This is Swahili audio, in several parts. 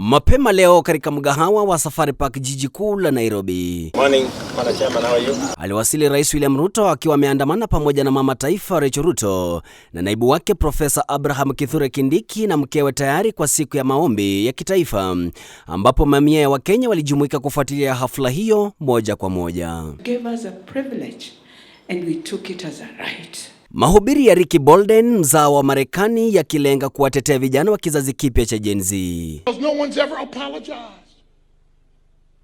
mapema leo katika mgahawa wa Safari Park jiji kuu la Nairobi. Morning, Chairman, how are you? Aliwasili Rais William Ruto akiwa ameandamana pamoja na mama taifa Rachel Ruto na naibu wake Profesa Abraham Kithure Kindiki na mkewe tayari kwa siku ya maombi ya kitaifa ambapo mamia ya Wakenya walijumuika kufuatilia hafla hiyo moja kwa moja. Gave us a privilege and we took it as a right. Mahubiri ya Ricky Bolden, mzao wa Marekani, yakilenga kuwatetea vijana wa kizazi kipya cha Gen Z. No one's ever apologized.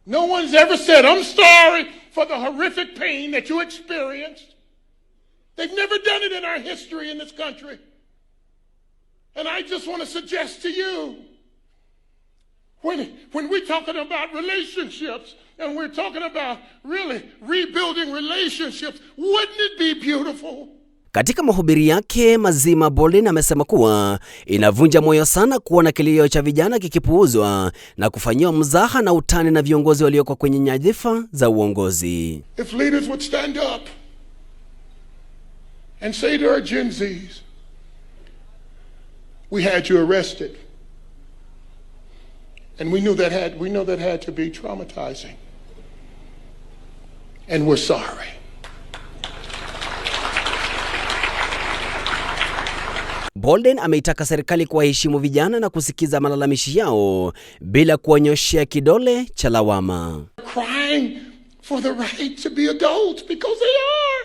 No one's ever said I'm sorry for the horrific pain that you experienced. They've never done it in our history in this country. And I just want to suggest to you when, when we're talking about relationships and we're talking about really rebuilding relationships, wouldn't it be beautiful Katika mahubiri yake mazima, Bolin amesema kuwa inavunja moyo sana kuona kilio cha vijana kikipuuzwa na kufanyiwa mzaha na utani na viongozi walioko kwenye nyadhifa za uongozi. If leaders would stand up and say to our Gen Zs, we had you arrested and we knew that had, we know that had to be traumatizing and we're sorry Bolden ameitaka serikali kuwaheshimu vijana na kusikiza malalamishi yao bila kuwanyoshea kidole cha lawama. Crying for the right to be adults because they are.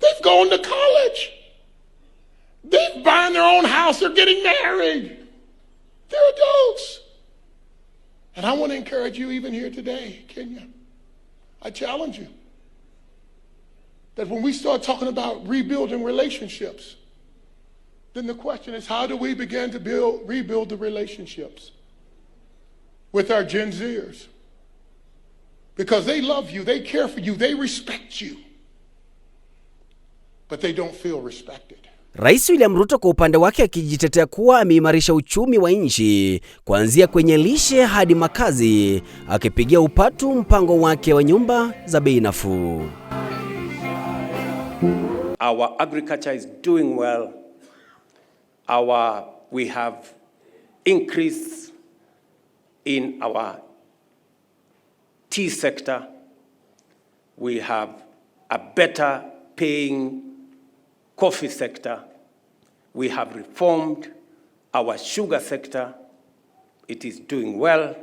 They've gone to college. They've buying their own house, they're getting married. They're adults. And I want to encourage you even here today, Kenya. I challenge you that when we start talking about rebuilding relationships, then the question is how do we begin to build, rebuild the relationships with our Gen Zers? Because they love you, they care for you, they respect you, but they don't feel respected. Rais William Ruto kwa upande wake akijitetea kuwa ameimarisha uchumi wa nchi kuanzia kwenye lishe hadi makazi, akipigia upatu mpango wake wa nyumba za bei nafuu. Our agriculture is doing well our, we have increase in our tea sector. We have a better paying coffee sector. We have reformed our sugar sector. It is doing well.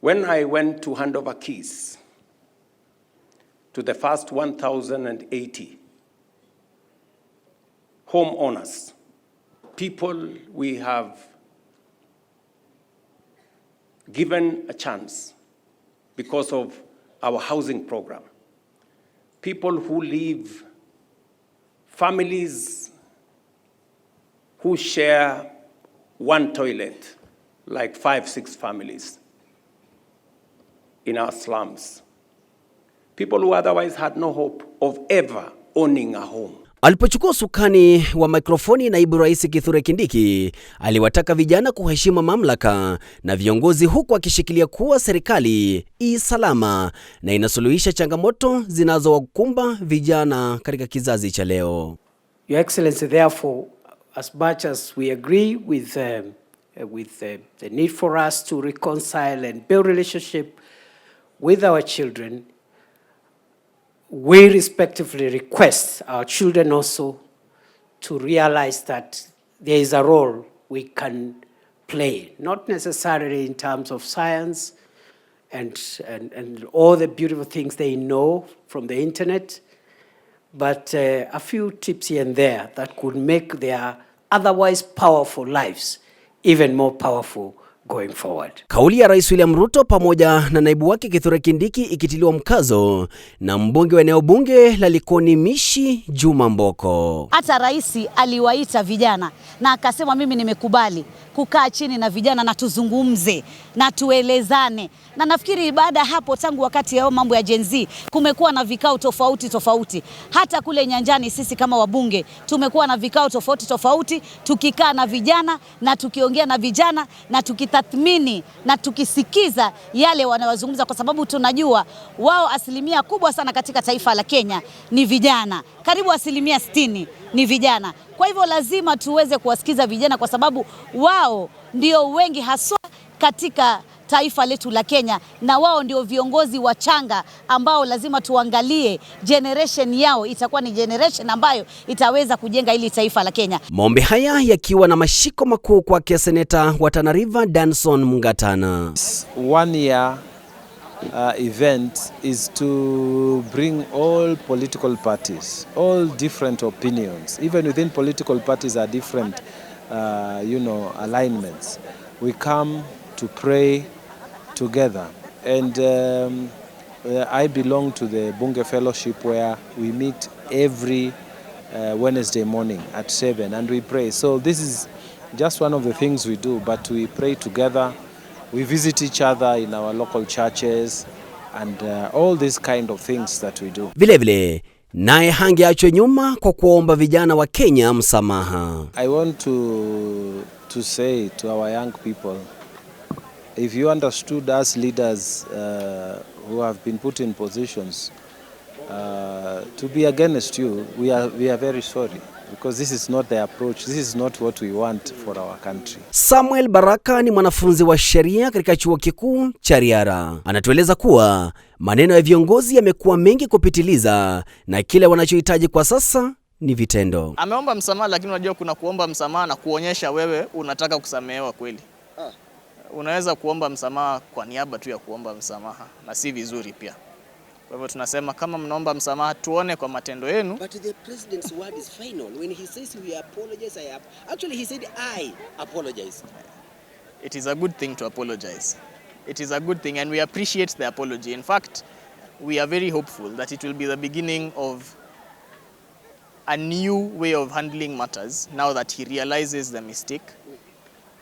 When I went to hand over keys to the first 1,080 homeowners, people we have given a chance because of our housing program. People who live, families who share one toilet, like five, six families in our slums. People who otherwise had no hope of ever owning a home. Alipochukua usukani wa mikrofoni, naibu rais Kithure Kindiki aliwataka vijana kuheshima mamlaka na viongozi, huku akishikilia kuwa serikali i salama na inasuluhisha changamoto zinazowakumba vijana katika kizazi cha leo. Your Excellency, therefore, as much as we agree with, uh, with uh, the need for us to reconcile and build relationship with our children, we respectively request our children also to realize that there is a role we can play, not necessarily in terms of science and, and, and all the beautiful things they know from the internet, but uh, a few tips here and there that could make their otherwise powerful lives even more powerful going forward. Kauli ya Rais William Ruto pamoja na naibu wake Kithure Kindiki ikitiliwa mkazo na mbunge wa eneo bunge la Likoni Mishi Juma Mboko. Hata rais aliwaita vijana na akasema mimi nimekubali kukaa chini na vijana na tuzungumze na tuelezane, na nafikiri baada ya hapo, tangu wakati yao mambo ya Gen Z kumekuwa na vikao tofauti tofauti. Hata kule nyanjani sisi kama wabunge tumekuwa na vikao tofauti tofauti, tukikaa na vijana na tukiongea na vijana na tukitathmini na tukisikiza yale wanayozungumza, kwa sababu tunajua wao asilimia kubwa sana katika taifa la Kenya ni vijana, karibu asilimia sitini ni vijana. Kwa hivyo lazima tuweze kuwasikiza vijana, kwa sababu wao ndio wengi haswa katika taifa letu la Kenya, na wao ndio viongozi wachanga ambao lazima tuangalie generation yao itakuwa ni generation ambayo itaweza kujenga hili taifa la Kenya. Maombi haya yakiwa na mashiko makuu kwake seneta wa Tana River Danson Mungatana. One year uh, event is to bring all political parties, all different opinions. Even within political parties are different, uh, you know, alignments. We come to pray together. And um, uh, I belong to the Bunge Fellowship where we meet every uh, Wednesday morning at 7 and we pray. So this is just one of the things we do, but we pray together we visit each other in our local churches and uh, all these kind of things that we do. Vilevile naye hangeachwe nyuma kwa kuomba vijana wa Kenya msamaha. I want to to say to our young people if you understood us leaders uh, who have been put in positions uh, to be against you we are, we are very sorry because this is not the approach. This is not what we want for our country. Samuel Baraka ni mwanafunzi wa sheria katika chuo kikuu cha Riara. Anatueleza kuwa maneno ya viongozi yamekuwa mengi kupitiliza na kile wanachohitaji kwa sasa ni vitendo. Ameomba msamaha, lakini unajua kuna kuomba msamaha na kuonyesha wewe unataka kusamehewa kweli. Ah. Unaweza kuomba msamaha kwa niaba tu ya kuomba msamaha na si vizuri pia. Kwa hivyo tunasema kama mnaomba msamaha, tuone kwa matendo yenu. But the president's word is final. When he says we apologize, I have actually he said I apologize. It is a good thing to apologize. It is a good thing and we appreciate the apology. In fact, we are very hopeful that it will be the beginning of a new way of handling matters now that he realizes the mistake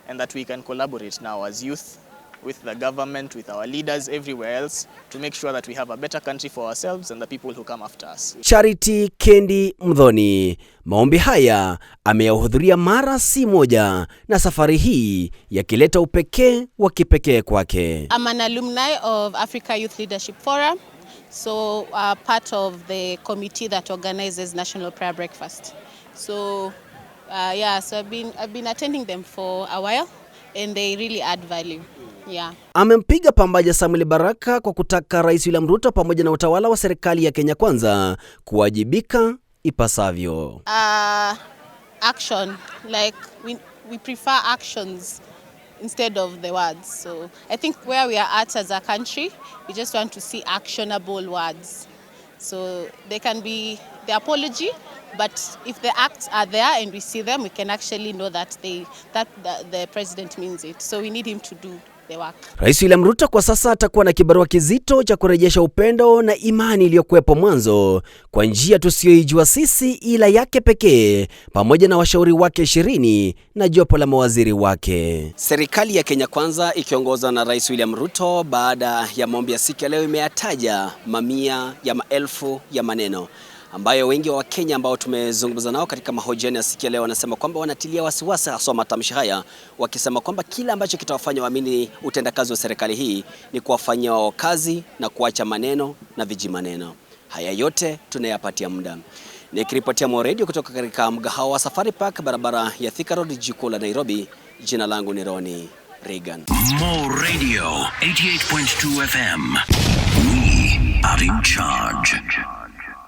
and that we can collaborate now as youth with the government, with our leaders everywhere else to make sure that we have a better country for ourselves and the people who come after us. Charity Kendi Mdhoni maombi haya ameyahudhuria mara si moja, na safari hii yakileta upekee wa kipekee kwake. I'm an alumni of Africa Youth Leadership Forum so uh, part of the committee that organizes National Prayer Breakfast. So uh, yeah, so I've been, I've been attending them for a while and they really add value yeah. Amempiga pambaja Samuel Baraka kwa kutaka Rais William Ruto pamoja na utawala wa serikali ya Kenya Kwanza kuwajibika ipasavyo. Uh, action. Like, we, we prefer actions instead of the words. So I think where we are at as a country, we just want to see actionable words. So they can be the apology, but if the acts are there and we see them, we can actually know that they, that the, the president means it. So we need him to do the work. Rais William Ruto kwa sasa atakuwa na kibarua kizito cha kurejesha upendo na imani iliyokuwepo mwanzo kwa njia tusiyoijua sisi ila yake pekee, pamoja na washauri wake ishirini na jopo la mawaziri wake. Serikali ya Kenya Kwanza ikiongozwa na Rais William Ruto baada ya maombi ya siku ya leo imeyataja mamia ya maelfu ya maneno ambayo wengi wa Wakenya ambao tumezungumza nao katika mahojiano ya siku ya leo wanasema kwamba wanatilia wasiwasi hasa matamshi haya, wakisema kwamba kila ambacho kitawafanya waamini utendakazi wa serikali hii ni kuwafanyia wao kazi na kuacha maneno na viji maneno. Haya yote tunayapatia muda. Nikiripotia Mo Radio kutoka katika mgahawa wa Safari Park, barabara ya Thika Road, jiji kuu la Nairobi. Jina langu ni Roni Reagan. Mo Radio 88.2 FM. We are in charge.